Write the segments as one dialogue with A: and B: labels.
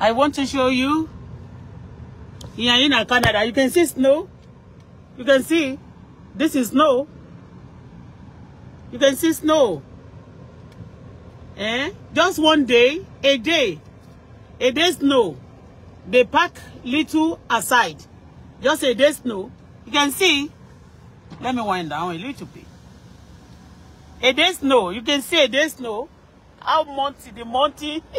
A: I want to show you. Yeah, in Canada, you can see snow. You can see, this is snow. You can see snow. Eh? Just one day, a day, a day snow. They pack little aside. Just a day snow. You can see. Let me wind down a little bit. A day snow. You can see a day snow. How monty the monty.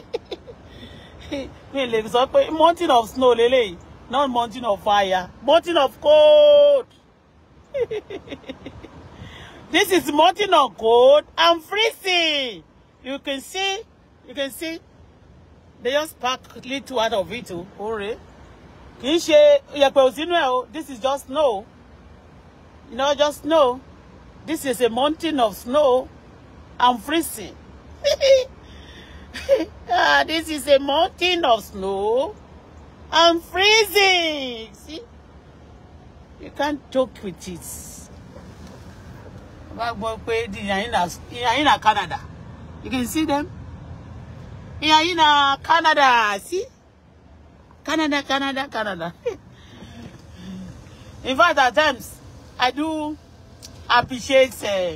A: mi lè sọ pé mountain of snow lélẹ́yìí not mountain of fire mountain of cold this is mountain of cold and freezing you can see you can see they just pack little out of it too. Oh. ore kì í ṣe yẹ̀pẹ̀ òsínú ẹ̀ o oh. this is just snow you know just snow this is a mountain of snow and freezing. ah, this is a mountain of snow. I'm freezing. See? You can't joke with it. Iyayina Canada. You can see them. Iyayina Canada. See? Canada, Canada, Canada. In fact, at times, I do appreciate uh,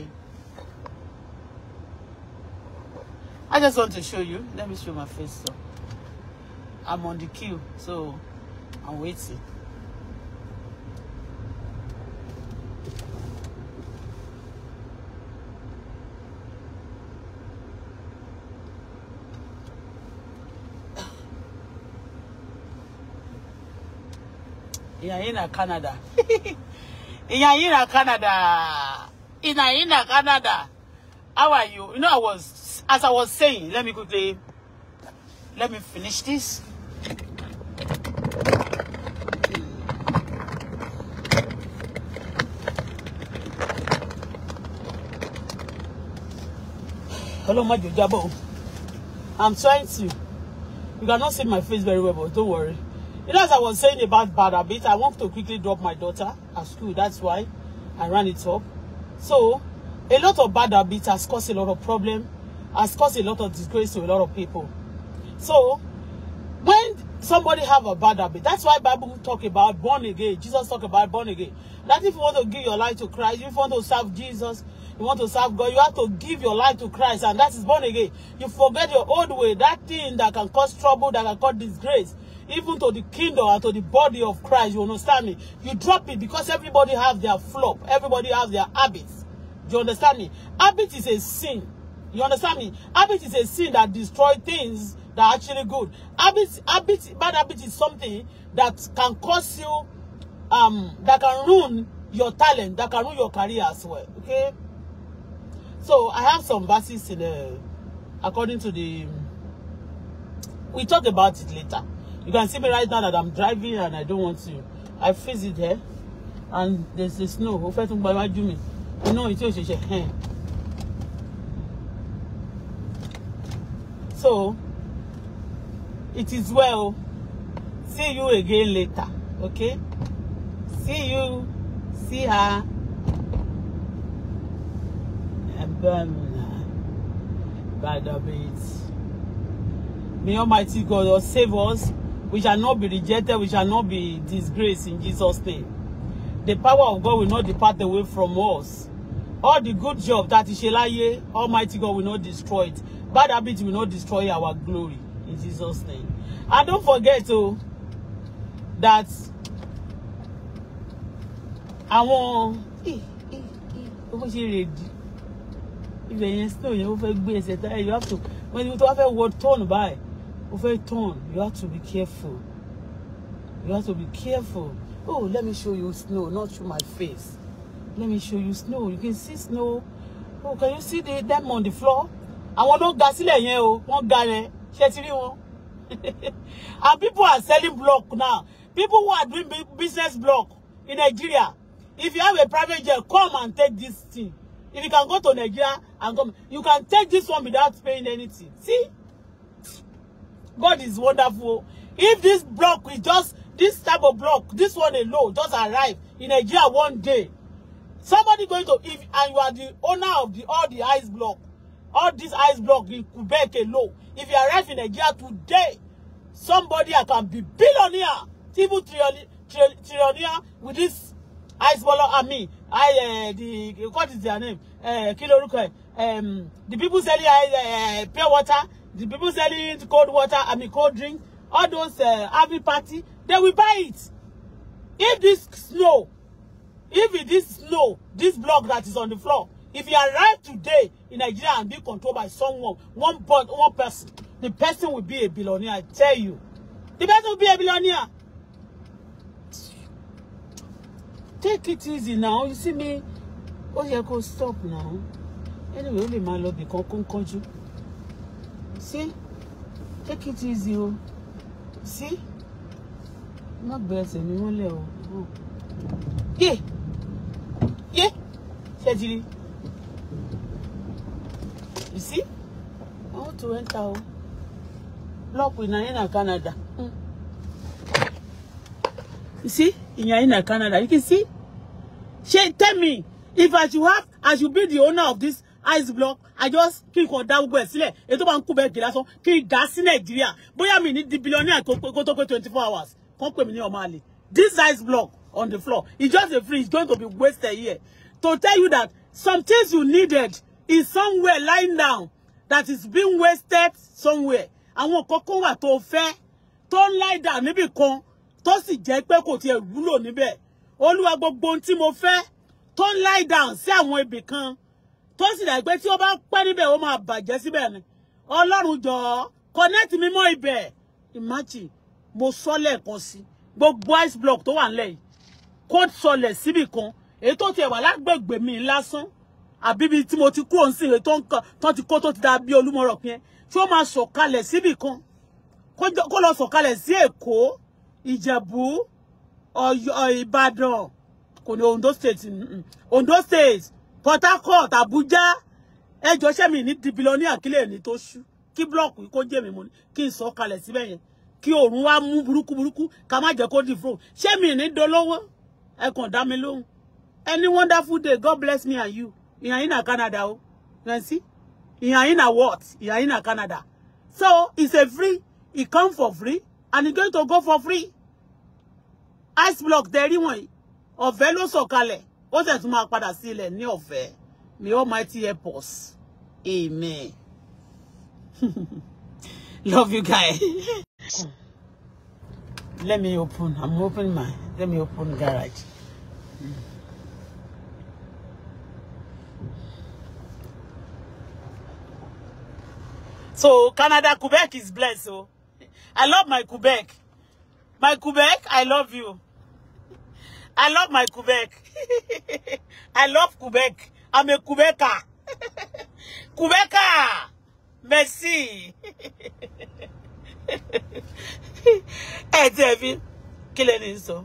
A: I just want to show you. Let me show my face. So I'm on the queue, so I'm waiting. Inaina Canada. Inaina Canada. Inaina Canada. How are you? You know I was as I was saying, let me quickly, let me finish this. Hello, my Jabo. I'm trying to. You cannot see my face very well, but don't worry. You know, as I was saying about bad habits, I want to quickly drop my daughter at school. That's why I ran it up. So, a lot of bad habits has caused a lot of problems. has caused a lot of disgrace to a lot of people. So, when somebody have a bad habit, that's why Bible talk about born again. Jesus talk about born again. That if you want to give your life to Christ, if you want to serve Jesus, you want to serve God, you have to give your life to Christ, and that is born again. You forget your old way, that thing that can cause trouble, that can cause disgrace, even to the kingdom and to the body of Christ, you understand me? You drop it because everybody have their flop, everybody have their habits. Do you understand me? Habit is a sin. You understand me? Habit is a sin that destroys things that are actually good. Habit, habit, bad habit is something that can cause you, um, that can ruin your talent, that can ruin your career as well. Okay? So I have some verses in the, uh, according to the, we talk about it later. You can see me right now that I'm driving and I don't want to. I freeze it here. And there's the snow. You know, it's So, it is well. See you again later. Okay? See you. See her. By the bit. May Almighty God save us. We shall not be rejected. We shall not be disgraced in Jesus' name. The power of God will not depart away from us. All the good job that is Shelaye, Almighty God will not destroy it bad habits will not destroy our glory in Jesus name and don't forget o oh, that àwọn owó ṣe rè di ibẹ̀ yẹn snow yẹn ó fẹ́ gbé ẹsẹ̀ tá you have to when you tó wá word wọ by, báyìí ó you have to be careful you have to be careful oh let me show you snow not through my face let me show you snow you can see snow oh can you see the them on the floor àwọn tó ga sílẹ̀ yẹn o wọ́n ga yẹn ṣe ti rí wọn and people are selling block now people who are doing business block in Nigeria if you have a private jet come and take this thing if you can go to Nigeria and come you can take this one without paying anything see God is wonderful if this block is just this type of block this one alone just arrive in Nigeria one day somebody going to if and you are the owner of the all the ice block all this ice block in Quebec alone. If you arrive in Nigeria today, somebody that can be billionaire, even trillionaire with this ice block, army. I, uh, the, what is their name? Uh, Kiloruko, um, the people selling uh, uh, pure water, the people selling cold water, I mean, cold drink, all those uh, happy party, they will buy it. If this snow, if it is snow, this block that is on the floor, If you arrive today in Nigeria and be controlled by someone, one board, one person, the person will be a billionaire, I tell you. The person will be a billionaire. Take it easy now. You see me? Oh, yeah, go stop now. Anyway, only my love because you. See? Take it easy, oh. See? Not gbẹ̀sẹ̀ ni wọ́n lẹ̀ o. Yé! Yé! Ṣé You see? I want to enter. Oh. Lock with Nyanina Canada. Mm. You see? In Nyanina Canada. You can see? She tell me, if as you have, as you be the owner of this ice block i just kí n kàn dá gbogbo ẹ sílẹ̀ èyí tó bá ń kú gas in sọ kí n dá the nàìjíríà bóyá mi ní di billionaire kó tó pé twenty four hours Come pè mí ní ọmọ this ice block on the floor it's just a fridge it's going to be wasted here to tell you that some things you needed is somewhere lying down that is being wasted somewhere àwọn kókó wà tó fẹ́ tó lie down níbì kan tó sì jẹ́ pé kò tiẹ̀ wúlò níbẹ̀ olúwa gbogbo ohun tí mo fẹ́ tó lie down sí àwọn ibì kan tó sì dà pé tí ó bá pẹ́ níbẹ̀ ó máa bàjẹ́ síbẹ̀ ni ọlọ́run jọ̀ọ́ connect mi mọ́ ibẹ̀ imagine mo sọ lẹ́ẹ̀kan sí gbogbo ice block tó wà nílẹ̀ yìí kó sọlẹ̀ síbì kan èyí tó tiẹ̀ wà lágbègbè mi lásán àbíbi tí mo ti kú òun sì rè tó ti kó tó ti da bí olúmọ̀rọ̀ pín tí ó máa sọ̀kalẹ̀ síbì kan kó lọ sọ̀kalẹ̀ sí èkó ìjẹ̀bú ọ̀yọ́ ìbàdàn kò ní ondo state mm, mm, ondo state port harcourt abuja ẹjọ́ sẹ́mi ní dìbìlọ́ní àkílẹ̀ ní tó ṣú kí búlọ̀kù kó jẹ́ mi mọ́ ni kí n sọ̀kalẹ̀ síbẹ̀ yẹn kí òòrùn wá mú burúkú burúkú ká má jẹ́ kó dì fún un sẹ́mi ní dolówó ẹ kàn dá mi lóhùn any wonderful day god bless me and you ìyàn yín na Canada o you see ìyàn yín na what ìyàn yín na Canada so it's a free it come for free and it's going to go for free ice block tẹ̀rí wọ̀nyí ọ̀fẹ́ ló sọ̀kalẹ̀ ó sì tún máa padà sí ilẹ̀ ní ọ̀fẹ́ may almighty help amen love you guys. let me open i'm opening my let me open garage. So Canada, Quebec is blessed. So oh. I love my Quebec. My Quebec, I love you. I love my Quebec. I love Quebec. I'm a Quebecer. Quebecer. Merci. Ẹ ti ẹ fi kí lẹ́ni sọ?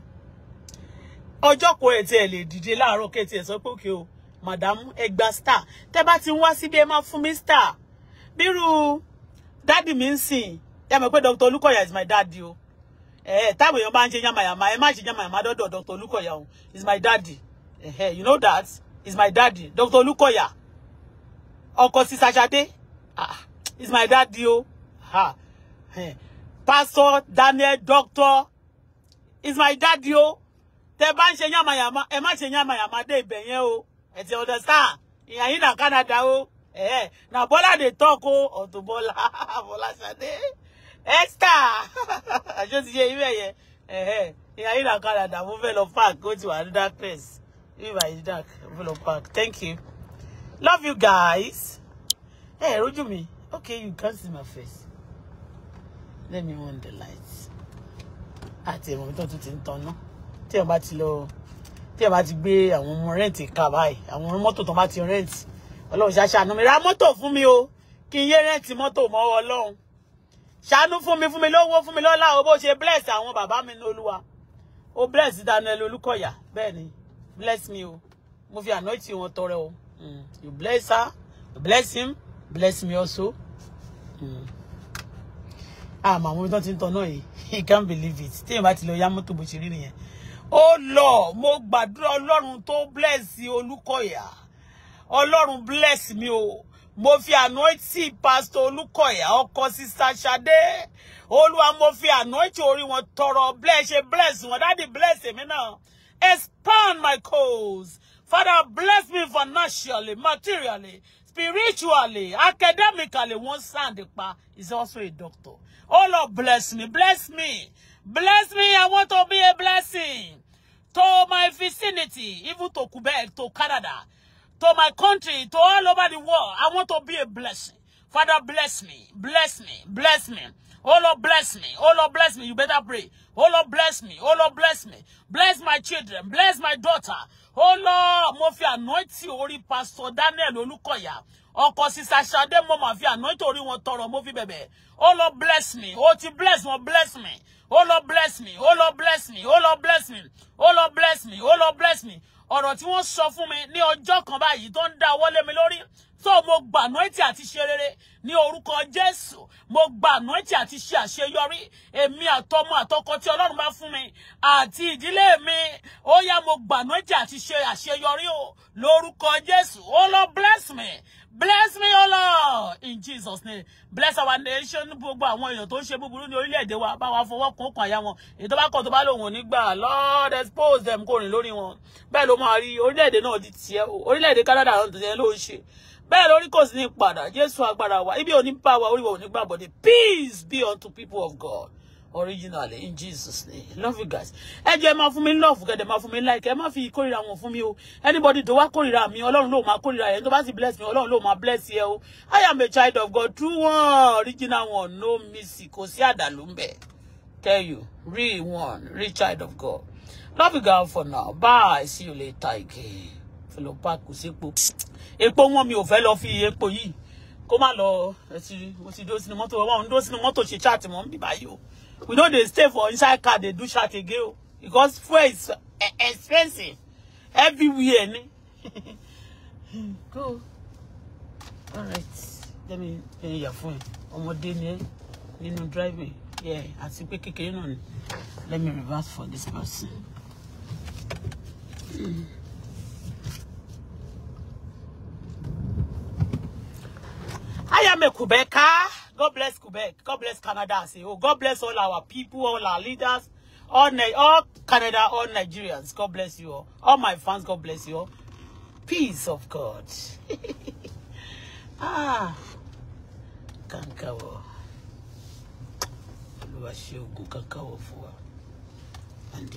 A: Ọjọ́ kan ẹ̀ tí ẹ lè dìde láàárọ̀ kẹ́ tí oh, star. Tẹ́ bá ti ń wá síbi ẹ bírú Daddy mi ń sìn ẹ mọ̀ pé Dr. Olúkọ̀yà is my daddy o ẹ táwọn èèyàn bá ń ṣe yàmàyàmà ẹ má ṣe yàmàyàmà dọ́dọ̀ Dr. Olúkọ̀yà o is my daddy eh, you know that is my daddy Dr. Olúkọ̀yà ọkọ sí sàṣàdé ah, is my daddy o ha, eh. Pastor Daniel Doctor is my daddy o tẹ bá ń ṣe yàmàyàmà ẹ má ṣe yàmàyàmà dé ibẹ̀ yẹn o ẹ ti understand ìyàyìn náà Canada o eh now bola dey talk or to Bola bola sade extra I just ye you ye eh eh ya ira kada da mo fẹ́ lọ park go to another place You are in dark mo lọ park thank you love you guys hey, rojú me. okay you can't see my face let me on the lights àti ìrùn tó tún ti ń tanná tí ẹ bá ti lọ tí ẹ bá ti gbé àwọn ọmọ rẹ́ǹtì ká báyìí àwọn mọ́tò tó bá ti rẹ́ǹtì ọlọ́run ṣàṣàánú mi ra mọ́tò fún mi o kí n yé rẹ́ǹtì mọ́tò mọ́ ọlọ́run ṣàánú fún mi fún mi lówó fún mi lọ́lá o bó ṣe bless àwọn bàbá mi ní olúwa o bless Daniel Olúkọ̀yà bẹ́ẹ̀ ni bless me o mo fi anointing wọn tọrẹ o hmm. you bless her you bless him bless me also. Hmm. Ah, àmọ́ àwọn ibi tó ti ń tan yìí he can't believe it tí èèyàn bá ti lọ yá mọ́tò bó ṣe rí nìyẹn ó oh, lọ mo gbàdúrà ọlọ́run tó bless Olúkọ̀yà ọlọ́run bless mi o mo fi anointing pastor olùkọ̀yà ọkọ sister Ṣadé olúwa mo fi anointing orí wọn tọrọ bless ṣe bless wọn dáàdi bless èmi náà expand my cause father bless me financially materially spiritually academically one stand pa is also a doctor oh lord bless me bless me bless me i want to be a blessing to my vicinity even to Quebec to Canada to my country, to all over the world. I want to be a blessing. Father, bless me, bless me, bless me. Oh Lord, bless me. Oh Lord, bless me. You better pray. Oh Lord, bless me. Oh Lord, bless me. Bless my children. Bless my daughter. Oh Lord, mo fi anointi orí Pastor Daniel Olukoya. Ọkọ sisa Sade mo ma fi anointi orí wọn tọrọ mo fi bẹ̀bẹ̀. Oh Lord, bless me. Oh ti bless me, bless me oh Lord bless me oh Lord bless me oh Lord bless me oh Lord bless me oh Lord bless me ọ̀rọ̀ tí wọ́n sọ fún mi ní ọjọ́ kan báyìí tó ń dá ọwọ́ lé mi lórí so mo gba anointing àti ṣe rere ní orúkọ Jésù mo gba anointing àti ṣe àṣeyọrí èmi àtọmọ àtọkọ tí Ọlọ́run bá fún mi àti ìdílé mi ó yá mo gba anointing àti ṣe àṣeyọrí o lórúkọ Jésù ó oh lọ bless me bless me o oh Lord in Jesus name bless our nation gbogbo àwọn èèyàn tó ń ṣe búburú ní orílẹ̀-èdè wa bá wa fọwọ́ kún ọkàn àyà wọn èyí tó bá kọ̀ tó bá lòun ò ní gbà Lord expose them kò rìn lórí wọn bẹ́ẹ̀ ló máa rí orílẹ̀-èdè náà di tiẹ̀ o orílẹ̀-èdè Canada náà ti tiẹ̀ ló ń ṣe bẹ́ẹ̀ lórí kò sí ní padà jésù agbára wa ibi ò ní bá wa orí wa ò ní gbàgbọ́ ni peace be unto people of God originally in Jesus name love you guys ẹ jẹ́ máa fún mi love kẹ́dẹ̀ máa fún mi like ẹ má fi kórìíra wọn fún mi o anybody tó wá kórìíra mi ọlọ́run ló máa kórìíra yẹn tó bá sì bless mi ọlọ́run ló máa bless yẹ o I am a child of God true one original one no missy kò sí àdàlú ń bẹ̀ tell you real one real child of God love you guys for now bye see you later again fẹlẹ pa kò sí po epo wọn mi ò fẹ́ lọ fi epo yìí kó má lọ mo ti dó sínú mọ́tò ọmọ òun dó sínú mọ́tò ṣe chat mọ́ bí báyìí o we no dey stay for inside car dey do chat again o because fuel is e, expensive everywhere ni. All right. Let me yà your phone. ọmọdé ni ẹ nínú driving yeah àti pé kékeré náà ni let me reverse for this person. Mm. I am a Quebecer. God bless Quebec. God bless Canada. say, oh, God bless all our people, all our leaders, all, Ni all Canada, all Nigerians. God bless you all. All my fans, God bless you all. Peace of God. ah. Kankawo. Olúwa ṣe oògùn kankawo fún wa. And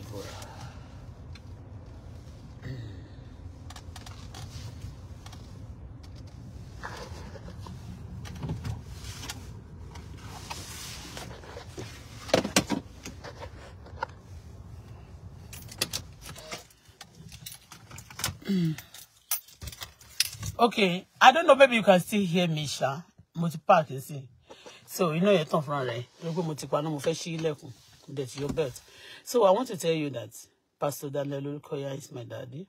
A: Mm. okay, I don't know, maybe you can still hear me, Sha. Mo you see. So, you know, you're tough, right. You're going to mo fẹ́ ṣí ilẹ̀kùn. That's your belt. So, I want to tell you that Pastor Daniel Olukoya is my daddy.